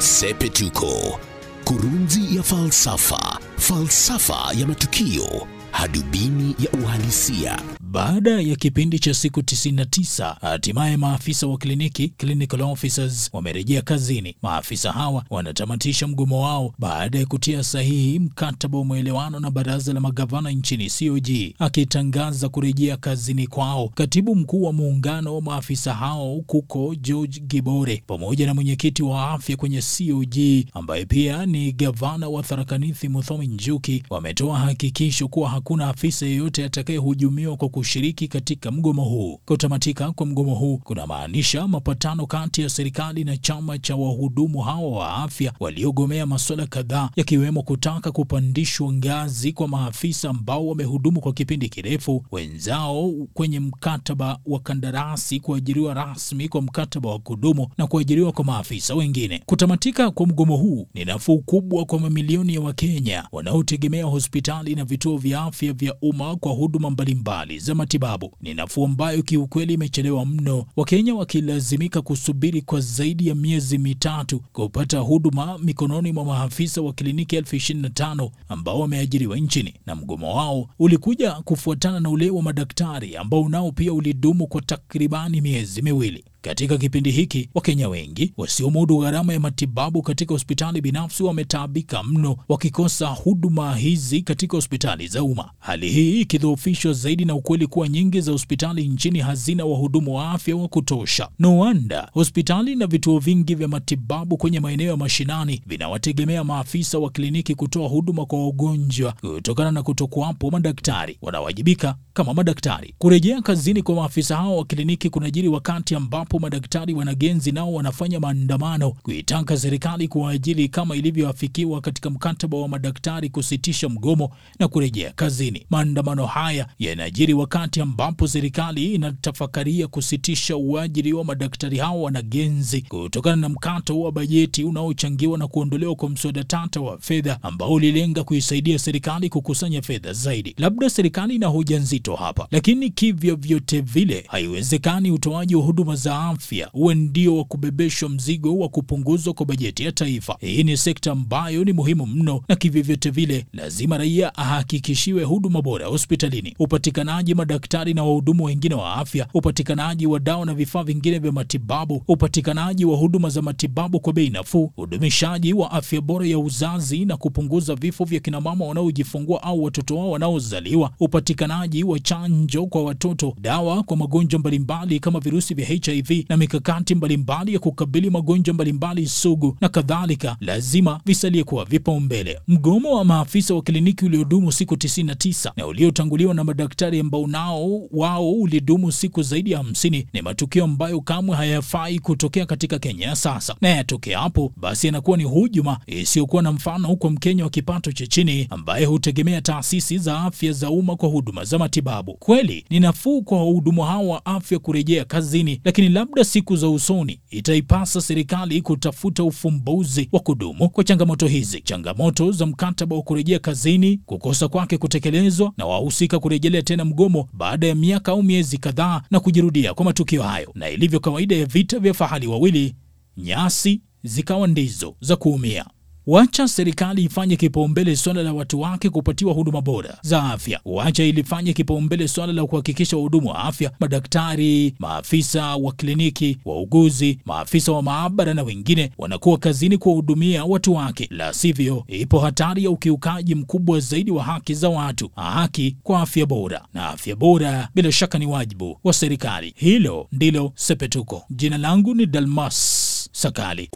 Sepetuko, kurunzi ya falsafa, falsafa ya matukio, hadubini ya uhalisia. Baada ya kipindi cha siku 99, hatimaye maafisa wa kliniki clinical officers wamerejea kazini. Maafisa hawa wanatamatisha mgomo wao baada ya kutia sahihi mkataba wa mwelewano na baraza la magavana nchini COG. Akitangaza kurejea kazini kwao, katibu mkuu wa muungano wa maafisa hao kuko George Gibore pamoja na mwenyekiti wa afya kwenye COG ambaye pia ni gavana wa Tharaka Nithi Muthomi Njuki wametoa hakikisho kuwa hakuna afisa yeyote atakayehujumiwa kwa kushiriki katika mgomo huu. Kutamatika kwa mgomo huu kunamaanisha mapatano kati ya serikali na chama cha wahudumu hawa wa afya waliogomea masuala kadhaa, yakiwemo kutaka kupandishwa ngazi kwa maafisa ambao wamehudumu kwa kipindi kirefu wenzao kwenye mkataba wa kandarasi, kuajiriwa rasmi kwa mkataba wa kudumu na kuajiriwa kwa maafisa wengine. Kutamatika kwa mgomo huu ni nafuu kubwa kwa mamilioni ya Wakenya wanaotegemea hospitali na vituo vya afya vya umma kwa huduma mbalimbali za matibabu. Ni nafuu ambayo kiukweli imechelewa mno, Wakenya wakilazimika kusubiri kwa zaidi ya miezi mitatu kupata huduma mikononi mwa maafisa wa kliniki elfu ishirini na tano ambao wameajiriwa nchini, na mgomo wao ulikuja kufuatana na ule wa madaktari ambao nao pia ulidumu kwa takribani miezi miwili. Katika kipindi hiki Wakenya wengi wasiomudu gharama ya matibabu katika hospitali binafsi wametaabika mno, wakikosa huduma hizi katika hospitali za umma, hali hii ikidhoofishwa zaidi na ukweli kuwa nyingi za hospitali nchini hazina wahudumu wa afya wa kutosha. No wonder hospitali na vituo vingi vya matibabu kwenye maeneo ya mashinani vinawategemea maafisa wa kliniki kutoa huduma kwa wagonjwa kutokana na kutokuwapo madaktari wanawajibika kama madaktari. Kurejea kazini kwa maafisa hao wa kliniki kunajiri wakati ambapo ambapo madaktari wanagenzi nao wanafanya maandamano kuitaka serikali kuwaajiri kama ilivyoafikiwa katika mkataba wa madaktari kusitisha mgomo na kurejea kazini. Maandamano haya yanajiri wakati ambapo serikali inatafakaria kusitisha uajiri wa madaktari hao wanagenzi kutokana na mkato wa bajeti unaochangiwa na kuondolewa kwa mswada tata wa fedha ambao ulilenga kuisaidia serikali kukusanya fedha zaidi. Labda serikali ina hoja nzito hapa, lakini vyote vile haiwezekani utoaji wa huduma za afya uwe ndio wa kubebeshwa mzigo wa kupunguzwa kwa bajeti ya taifa. Hii ni sekta ambayo ni muhimu mno, na kivyovyote vile lazima raia ahakikishiwe huduma bora hospitalini, upatikanaji madaktari na wahudumu wengine wa afya, upatikanaji wa dawa na vifaa vingine vya matibabu, upatikanaji wa huduma za matibabu kwa bei nafuu, udumishaji wa afya bora ya uzazi na kupunguza vifo vya kinamama wanaojifungua au watoto wao wanaozaliwa, upatikanaji wa chanjo kwa watoto, dawa kwa magonjwa mbalimbali kama virusi vya HIV urithi na mikakati mbalimbali ya kukabili magonjwa mbalimbali sugu na kadhalika lazima visalie kuwa vipaumbele. Mgomo wa maafisa wa kliniki uliodumu siku 99 na uliotanguliwa na madaktari ambao nao wao ulidumu siku zaidi ya 50 ni matukio ambayo kamwe hayafai kutokea katika Kenya ya sasa, na yatokea hapo basi yanakuwa ni hujuma isiyokuwa na mfano, huko Mkenya wa kipato cha chini ambaye hutegemea taasisi za afya za umma kwa huduma za matibabu. Kweli ni nafuu kwa wahudumu hao wa afya kurejea kazini, lakini labda siku za usoni itaipasa serikali kutafuta ufumbuzi wa kudumu kwa changamoto hizi, changamoto za mkataba wa kurejea kazini, kukosa kwake kutekelezwa na wahusika kurejelea tena mgomo baada ya miaka au miezi kadhaa, na kujirudia kwa matukio hayo, na ilivyo kawaida ya vita vya fahali wawili, nyasi zikawa ndizo za kuumia. Wacha serikali ifanye kipaumbele swala la watu wake kupatiwa huduma bora za afya. Wacha ilifanye kipaumbele swala la kuhakikisha wahudumu wa afya, madaktari, maafisa wa kliniki, wauguzi, maafisa wa maabara na wengine wanakuwa kazini kuwahudumia watu wake, la sivyo, ipo hatari ya ukiukaji mkubwa zaidi wa haki za watu, haki kwa afya bora, na afya bora bila shaka ni wajibu wa serikali. Hilo ndilo Sepetuko. Jina langu ni Dalmas Sakali.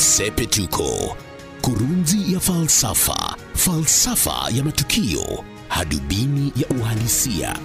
Sepetuko, kurunzi ya falsafa, falsafa ya matukio, hadubini ya uhalisia